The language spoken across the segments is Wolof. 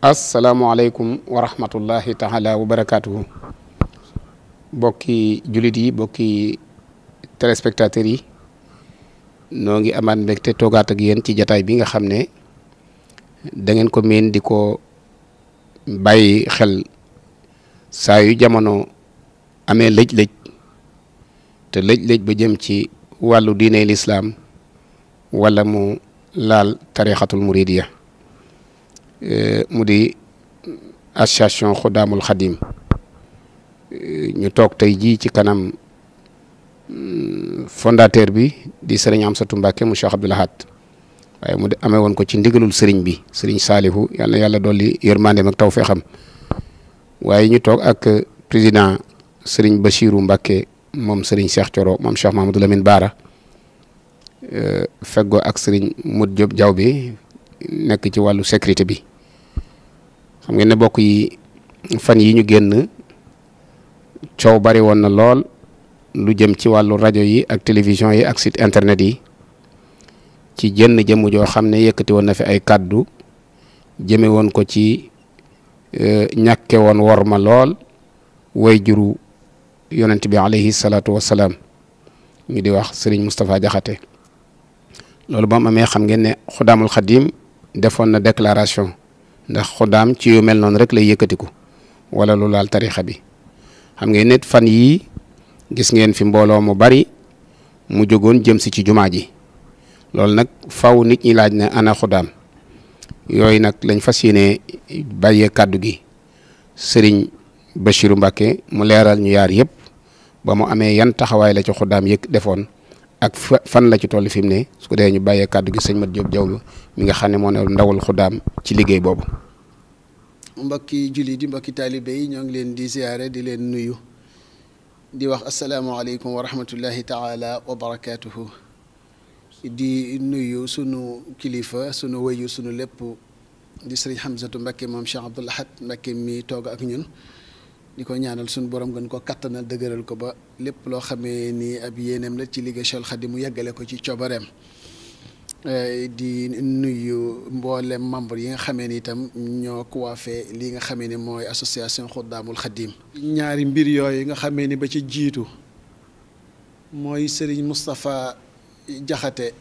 asalaamualeykum wa rahmatullahi taala wa barakaatuhu bokki jullit yi bokki téléspectateurs yi noo ngi amaat mbégte toogaat ak yéen ci jataay bi nga xam ne da ngeen ko meen di ko bàyyi xel saayu yu jamono amee lëj-lëj te lëj-lëj ba jëm ci wàllu diine lislaam walla mu laal tarixatul muridiya Eh, mu di association Xudaamul Xadim eh, ñu toog tey jii ci kanam mm, fondateur bi di seriñ am satu Mbàkke mu Cheikh Abdoul Ahad waaye mu amee woon ko ci ndigalul sëriñ bi sëriñ Saalihu yal na yàlla dolli yërmandeem ak tawfeexam waaye ñu toog ak président sëriñ Bachiru Mbàkke moom sëriñ Cheikh Coro moom Cheikh Mahamadou Lamine Baara eh, feggoo ak sëriñ Modou Diop Diaw bi nekk ci wàllu sécurité bi xam ngeen ne bokk yi fan yi ñu génn coow bari woon na lool lu jëm ci wàllu rajo yi ak télévision yi ak site internet yi ci jënn jëmm joo xam ne yëkkati woon na fi ay kàddu jëme woon ko ci e, ñàkke woon wor ma lool way juru yonent bi alayhi salaatu wassalaam ñu di wax sëriñ Moustapha Jaxate loolu ba mu amee xam ngeen ne xudaamul xadim defoon na déclaration ndax xodaam ci yu mel noonu rek lay yëkkatiku wala lu laal tarixa bi xam ngeen nit fan yii gis ngeen fi mbooloo mu bari mu jógoon jëm si ci jumaa ji loolu nag faw nit ñi laaj na ana xuddaam yooyu nag lañ fas yéene bàyyee kàddu gi sëriñ Bachiru Mbàkke mu leeral ñu yaar yëpp ba mu amee yan taxawaay la ci xodaam yëg defoon ak fan la ci toll fi mu ne su ko defee ñu bàyyee kàddu gi sëñ Mat Diop Diawlo mi nga xam ne moo ne ndawul xuddaam ci liggéey boobu. mbokki julli di mbokki taalibe yi ñoo ngi leen di ziare di leen nuyu di wax asalaamaaleykum wa rahmatullahi taala wa barakaatuhu di nuyu sunu kilifa sunu wëyu sunu lépp di xam Hamzatu Mbakke moom Cheikh Abdoul Ahad Mbakke mi toog ak ñun. di ko ñaanal suñu borom gën ko kattanal dëgëral ko ba lépp loo xamee ni ab yéeneem la ci liggéey Cheikhul xaddi mu yàggale ko ci coobareem eh, di nuyu mboolem membre yi nga xamee ni itam ñoo coiffé li nga xamee ni mooy association Khoudamoul Khadim ñaari mbir yooyu nga xamee ni ba ci jiitu mooy sëriñ Moustapha Jaxate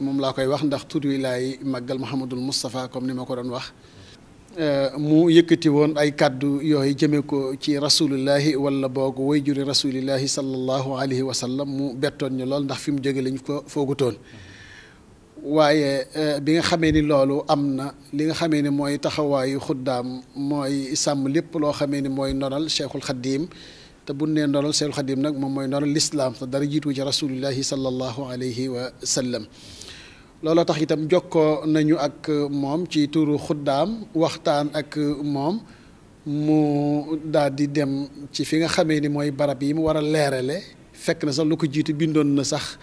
moom laa koy wax ndax tur wi laay màggal Mouhamadul Moustapha comme ni ma ko doon wax Eh, mu yëkkati woon ay kàddu yooyu jëme ko ci rasulillahi wala boog way juri rasulillahi sallallahu alayhi wa sallam mu bettoon ñu lool ndax fi mu jóge lañu ko foogutoon waaye eh, bi nga xamee ni loolu am na li nga xamee ni mooy taxawaayu xuddaam mooy sàmm lépp loo xamee ni mooy ndonal cheikhul xadim te bu nee ndonal cheikhul xadim nag moom mooy ndonal lislaam te dara jiitu ci rasulillahi sallallahu alayhi wa sallam looloo tax itam jokkoo nañu ak moom ci tuuru xuddaam waxtaan ak moom mu daal dem ci fi nga xamee ni mooy barab yi mu war a leerale fekk na sax lu ko jiitu bindoon na sax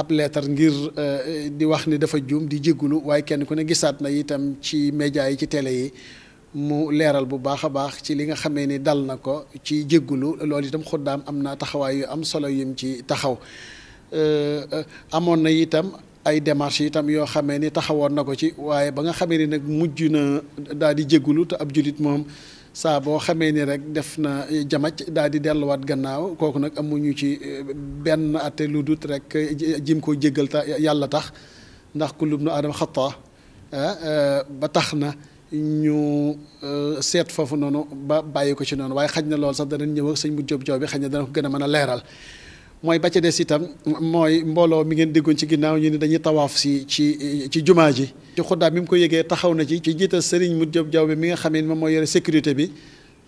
ab leetar ngir eh, di wax ni dafa juum di jéggulu waaye kenn ku ne gisaat na itam ci média yi ci télé yi mu leeral bu baax a baax ci li nga xamee ni dal na ko ci jéggulu loolu itam xuddaam am naa taxawaay yu am solo yum ci taxaw eh, eh, amoon na itam ay démarches itam yoo xamee ni taxawoon na ko ci waaye ba nga xamee ni nag mujj na daal di jégalu te ab jullit moom saa boo xamee ni rek def na jamac daal di delluwaat gannaaw kooku nag amuñu ci eh, benn atte lu dut rek eh, jim ko jéggal ta yàlla tax ndax kullu ibnu aadama xataa eh, ba tax na ñu seet foofu noonu ba bàyyi ko ci noonu waaye xaj na lool sax danañ ñëw ak sëñ bu job job bi xaj na dana ko gën a mën a leeral mooy ba ca des itam mooy mbooloo mi ngeen déggoon ci ginnaaw ñu ni dañuy tawaaf si ci ci jumaa ji ci xuddaa bi mu ko yëgee taxaw na ci ci jiital Serigne Modou Diop bi mi nga xam ne moom mooy yore sécurité bi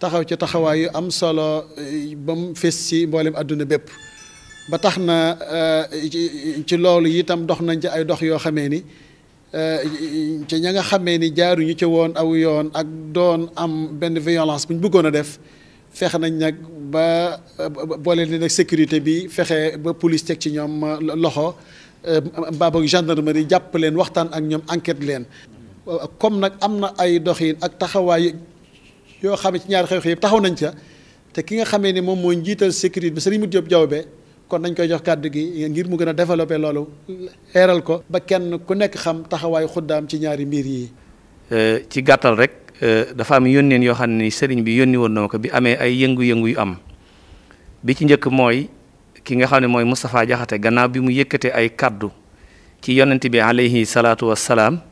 taxaw ci taxawaayu am solo eh, ba mu fees si mboolem àdduna bépp ba tax na eh, ci loolu itam dox nañ ci ay dox yoo xamee ni eh, ci ña nga xamee ni jaaruñu ci woon aw yoon ak doon am benn violence bu ñu buggoon a def fexe nañ nag ba boole ni nag sécurité bi fexe ba police teg ci ñoom euh, loxo mbaa euh, gendarmerie jàpp leen waxtaan ak ñoom enquête leen comme nag am na ay doxin ak taxawaay yoo xam ne ci ñaari xew-xew yëpp taxaw nañ ca te ki nga xamee ni moom mooy njiital sécurité bi Serigne Modou Diop be kon nañ koy jox kàddu gi ngir mu gën a développé loolu leeral ko ba kenn ku nekk xam taxawaay xuddaam ci ñaari mbiir yi. Euh, ci gàttal rek. Euh, dafa am yónneen yoo xam ne sëriñ bi yónni woon na ko bi amee ay yëngu-yëngu yu am bi ci njëkk mooy ki nga xam ne mooy Moustapha Jaxate gannaaw bi mu yëkkatee ay kàddu ci yonent bi alayhi salaatu wassalaam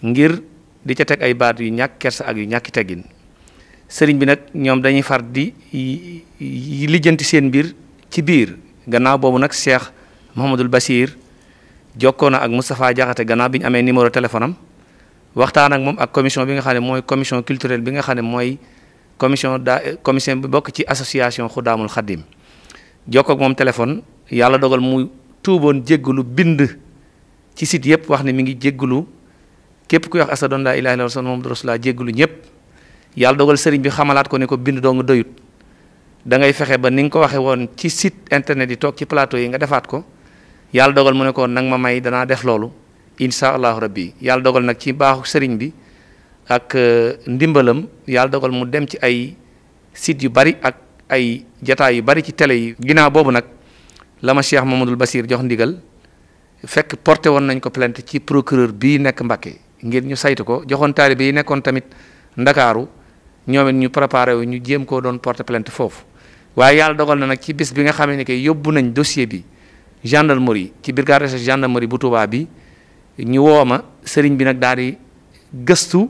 ngir di ca teg ay baat yu ñàkk ak yu ñàkki teggin sëriñ bi nag ñoom dañuy far di lijjanti seen mbir ci biir gannaaw boobu nag Cheikh Mouhamadul Basir jokkoo na ak Moustapha Jaxate gannaaw bi ñu amee numéro téléphone waxtaan ak moom ak commission bi nga xam ne mooy commission culturelle bi nga xam ne mooy commission daa commission bi bokk ci association Xudaamul Xadim jokkoo ak moom téléphone yàlla dogal mu tuuboon jéggalu bind ci site yëpp wax ne mi ngi jéggalu képp kuy wax asadon laa ilaaha illallaah Muhammadu rasuulullaah jéggalu ñëpp yàlla dogal sëriñ bi xamalaat ko ne ko bind doo nga doyut da ngay fexe ba ni nga ko waxee woon ci site internet yi toog ci plateau yi nga defaat ko yàlla dogal mu ne ko nag ma may danaa def loolu. incha allahu rabbi yàlla dogal nag ci baaxu sëriñ bi ak euh, ndimbalam yàlla dogal mu dem ci ay sites yu bari ak ay jataay yu bari ci télé yi. ginnaaw boobu nag la ma Cheikh Mamadou Basir jox ndigal fekk porte woon nañ ko plainte ci procureur bii nekk Mbacké ngir ñu saytu ko joxoon taalibe yi nekkoon tamit ndakaaru ñoom ñu préparé wu ñu jéem koo doon porte plant foofu waaye yàlla dogal na nag ci bis bi nga xamee ne yóbbu nañ dossier bi gendarmerie ci brigade recherche bi. ñi woo ma sëriñ bi nag daal di gëstu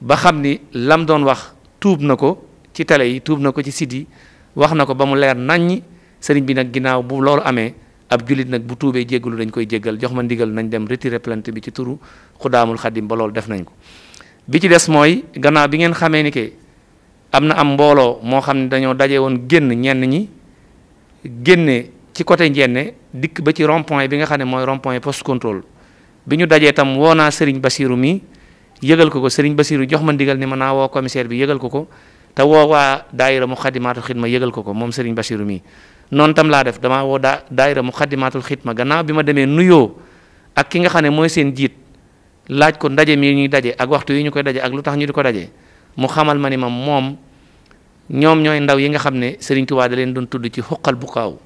ba xam ni lam doon wax tuub na ko ci télé yi tuub na ko ci site wax na ko ba mu leer naññi sëriñ bi nag ginnaaw bu loolu amee ab jullit nag bu tuubee jéggalu dañ koy jéggal jox ma ndigal nañ dem retirer plainte bi ci turu xuddaamul xadim ba loolu def nañ ko bi ci des mooy gannaaw bi ngeen xamee ni que am na am mbooloo moo xam ne dañoo daje woon génn ñenn ñi génne ci côté njenne dikk ba ci rond point bi nga xam ne mooy rond point poste bi ñu dajee tam woo naa Serigne Bassirou mi yëgal ko ko Serigne Bassirou jox ma ndigal ni ma naa woo commissaire bi yëgal ko ko te woo waa daayira mu xadimaatul xidma yëgal ko ko moom Serigne Bassirou mii noonu tam laa def dama woo daa daayira mu xadimaatul xidma gannaaw bi ma demee nuyoo ak ki nga xam ne mooy seen jiit laaj ko ndaje mi ñuy daje ak waxtu yi ñu koy daje ak lu tax ñu di ko daje mu xamal ma ni ma moom ñoom ñooy ndaw yi nga xam ne Serigne Touba da leen doon tudd ci xuqal bu kaaw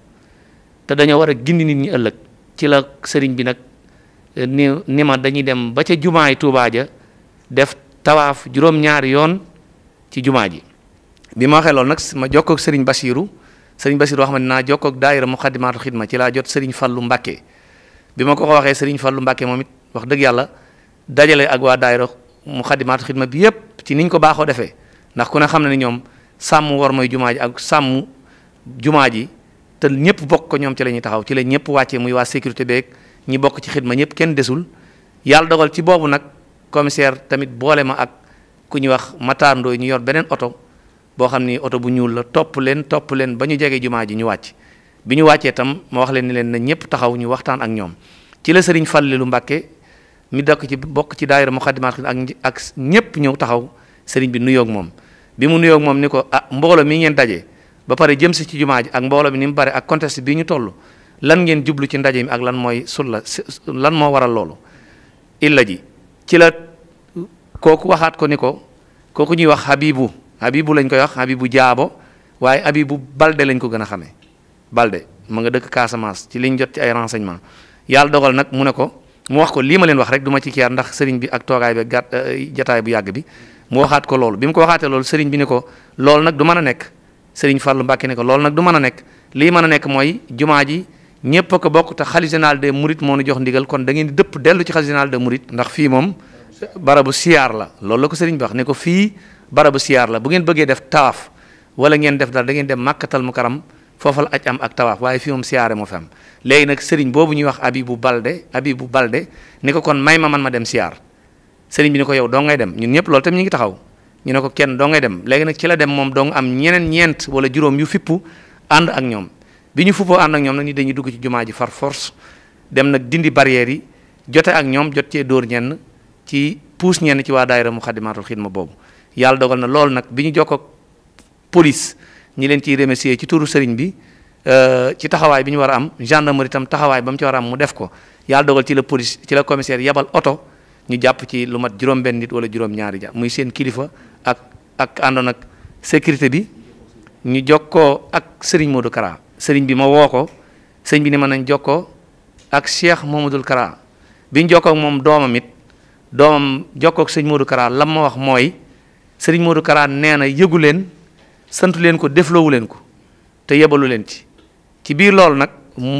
te dañoo war a gindi nit ñi ëllëg ci la Serigne bi nag. ni ni ma dañuy dem ba ca jumaa yi Tuubaa ja def tawaaf juróom-ñaari yoon ci jumaa ji bi ma waxee loolu nag ma jokkoo ak Serigne Bassirou Serigne wax ma ne naa jokkoo ak daayira Muqaddimatul Xidma ci laa jot Serigne Fallou bi ma ko ko waxee Serigne Fallou Mbacké moom wax dëgg yàlla dajale ak waa daayira Muqaddimatul Xidma bi yépp ci niñ ko baaxoo defee ndax ku ne xam na ni ñoom sàmm war mooy jumaa ji ak sàmm jumaa ji te ñëpp bokk ko ñoom ci la taxaw ci la ñëpp wàccee muy waa sécurité beek ñi bokk ci xidma ñëpp kenn desul yàlla dogal ci boobu nag commissaire tamit boole ma ak ku ñu wax mataandoo ñu yor beneen oto boo xam ni oto bu ñuul la topp leen topp leen ba ñu jege jumaa ji ñu wàcc bi ñu wàccee tam ma wax leen ni leen na ñëpp taxaw ñu waxtaan ak ñoom ci la sëriñ Fallilu Mbàkke mi dokk ci bokk ci mu Muxaddamatul Xidma ak ñëpp ñëw taxaw sëriñ bi nuyoog moom bi mu nuyoog moom ni ko ah mboolo mi ngeen daje ba pare jëm si ci jumaa ji ak mbooloo mi ni mu bare ak contexte bi ñu toll lan ngeen jublu ci ndaje mi ak lan mooy sulla lan moo waral loolu illa ji ci la kooku waxaat ko ni ko kooku ñuy wax habibu habibu lañ koy wax habibu jaabo waaye habibu balde lañ ko gën a xamee balde ma nga dëkk Casamance ci liñ jot ci ay renseignement yàlla dogal nag mu ne ko mu wax ko lii ma leen wax rek duma ci kiyaar ndax sëriñ bi ak toogaay bi gàtt jataay bu yàgg bi mu waxaat ko loolu bi mu ko waxaatee loolu sëriñ bi ni ko lool nag du mën a nekk sëriñ Fallou Mbacke ne ko loolu nag du mën a nekk lii mën a nekk mooy jumaa ji ñëpp a ko bokk te xalifa général des mourides moo nu jox ndigal kon da ngeen di dëpp dellu ci xalifa général des mourides ndax fii moom barabu siyaar la loolu la ko sëriñ bi ne ko fii barabu siyaar la bu ngeen bëggee def tawaaf wala ngeen def daal da ngeen dem màkkatal mu karam foofal aj am ak tawaaf waaye fii moo am léegi nag sëriñ boobu ñuy wax Abibu Balde Abibu Balde ni ko kon may ma man ma dem siyaar sëriñ bi ni ko yow doo ngay dem ñun ñëpp loolu tam ñu ngi taxaw ñu ne ko kenn doo ngay dem léegi nag ci la dem moom doo nga am ñeneen ñeent wala juróom yu fippu ànd ak ñoom bi ñu fufoo ànd ak ñoom nag ni dañuy dugg ci jumaa ji far force dem nag dindi barrières yi jote ak ñoom jot cee dóor ñenn ci puus ñenn ci waa daayira mu xadimaatul xidma boobu yàlla dogal na loolu nag bi ñu jokk police ñi leen ciy remercier ci turu sëriñ bi euh, ci taxawaay bi ñu war a am gendarmerie itam taxawaay ba mu ci war a am mu def ko yàlla dogal ci la police ci la commissaire yabal oto ñu jàpp ci lu mat juróom-benn nit wala juróom muy seen kilifa ak ak àndoon ak sécurité bi ñu jokkoo ak sëriñ Modou Kara sëriñ bi ma woo ko sëriñ bi ni ma nañ jokkoo ak Cheikh dul Kara biñ jokkoo moom doomam it doomam jokkoo ak sëñ Modou Kara lam ma wax mooy sëriñ Modou Kara nee na yëgu leen santu leen ko defloowu leen ko te yebalu leen ci ci biir loolu nag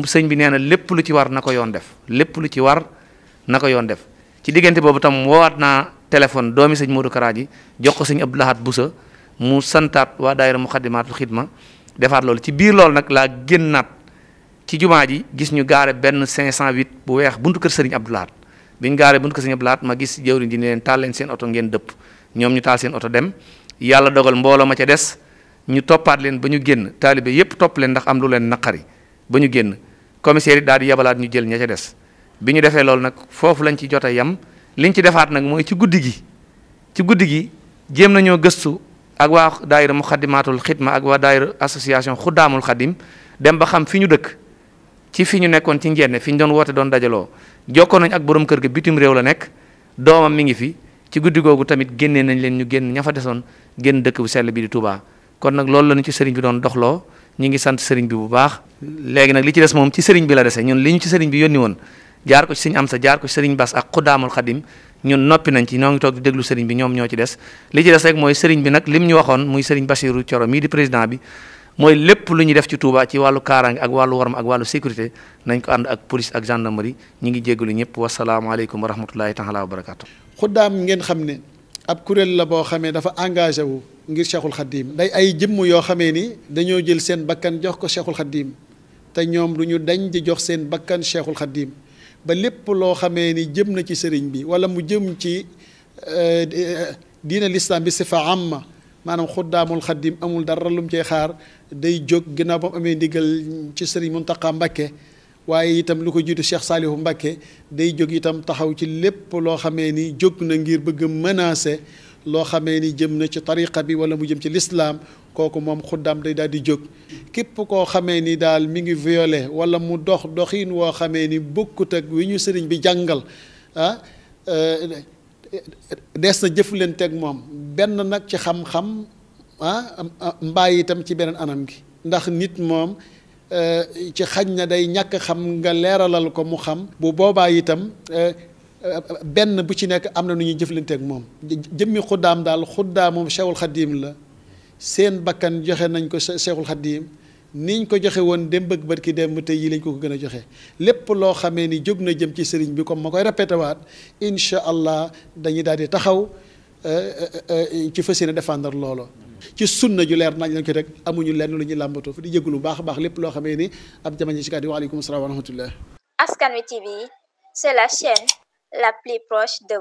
sëñ bi nee na lépp lu ci war na ko yoon def lépp lu ci war na ko yoon def ci diggante boobu tam woowaat naa téléphone doomi sëñ Modou Kara ji jox ko sëñ Abdou Lahad Boussa mu santaat waa daayira Muxaddamaatul Xidma defaat loolu ci biir loolu nag laa génn naat ci jumaa ji gis ñu gaare benn huit bu weex buntu kër Serigne Abdou bi ñu gaaree buntu kër Serigne Abdou ma gis jëwriñ ji ne leen taal leen seen oto ngeen dëpp ñoom ñu taal seen oto dem yàlla dogal mbooloo ma ca des ñu toppaat leen ba ñu génn taalibe yépp topp leen ndax am lu leen naqari ba ñu génn commissaire yi daal di yabalaat ñu jël ña ca des bi ñu defee loolu nag foofu lañ ci jot a yem liñ ci defaat nag mooy ci guddi gi ci guddi gi gëstu ak waa daayira muxaddimaatul xidma ak waa daayira association xuddaamul xadim dem ba xam fi ñu dëkk ci fi ñu nekkoon ci njenne fi ñu doon woote doon dajaloo jokkoo nañ ak borom kër gi bitim réew la nekk doomam mi ngi fi ci guddi googu tamit génnee nañ leen ñu génn ña fa desoon génn dëkk bu sell bi di Touba kon nag loolu la ñu ci sëriñ bi doon doxloo ñu ngi sant sëriñ bi bu baax léegi nag li ci des moom ci sëriñ bi la dese ñun li ñu ci sëriñ bi yónni woon jaar ko ci sëriñ Amsa jaar ko ci sëriñ Bass ak xuddaamul ñun noppi nañ ci ñoo ngi toog di déglu sëriñ bi ñoom ñoo ci des li ci des rek mooy sëriñ bi nag lim ñu waxoon muy sëriñ Bassirou Thioro mii di président bi mooy lépp lu ñuy def ci Touba ci wàllu kaaraange ak wàllu warma ak wàllu sécurité nañ ko ànd ak police ak gendarmerie ñu ngi jéggalu ñëpp wasalaamaaleykum wa rahmatullahi taala wa barakaatu. daam ngeen xam ne ab kuréel la boo xamee dafa engagé wu ngir Cheikhul Khadim day ay jëmm yoo xamee ni dañoo jël seen bakkan jox ko Cheikhul Khadim te ñoom du ñu dañ di jox seen bakkan Cheikhul Khadim ba lépp loo xamee ni jëm na ci sëriñ bi wala mu jëm ci eh, diina lislaam bi sifa amma maanaam xuddaamul xaddim amul dara lum cee xaar day jóg ginnaaw ba mu amee ndigal ci sëriñ Muntaqa Mbakke waaye itam lu ko jiitu Cheikh Saalihu Mbakke day jóg itam taxaw ci lépp loo xamee ni jóg na ngir bëgg menacer loo xamee ni jëm na ci tariqa bi wala mu jëm ci lislaam kooku moom xuddaam day daal di jóg képp koo xamee ni daal mi ngi violé wala mu dox doxin woo xamee ni bokkut ak wi ñu sëriñ bi jàngal ah eh, des na jëfleenteeg moom benn nag ci xam-xam ah mbaay itam ci beneen anam gi ndax nit moom eh, ci xaj na day ñàkk xam nga leeralal ko mu xam bu boobaa itam eh, benn bu ci nekk am na nu ñuy jëflanteeg moom jëmmi xuddaam daal xuddaamu Cheikhul Xadim la seen bakkan joxe nañ ko Seexul Xadiim niñ ko joxe woon dem bëgg bët ki dem tey yii lañ ko ko gën a joxe lépp loo xamee ni jóg na jëm ci sëriñ bi comme ma koy répété waat incha allah dañuy daal di taxaw eh, eh, eh, ci fas yéene défendre loolu. ci sunna ju leer nañ lañ ko rek amuñu lenn lu ñuy làmbatoo fi di jégalu bu baax a baax lépp loo xamee ni ab jamono ji si kàddu waaleykum salaam wa rahmatullah. Askan wi TV c'est la chaîne la plus proche de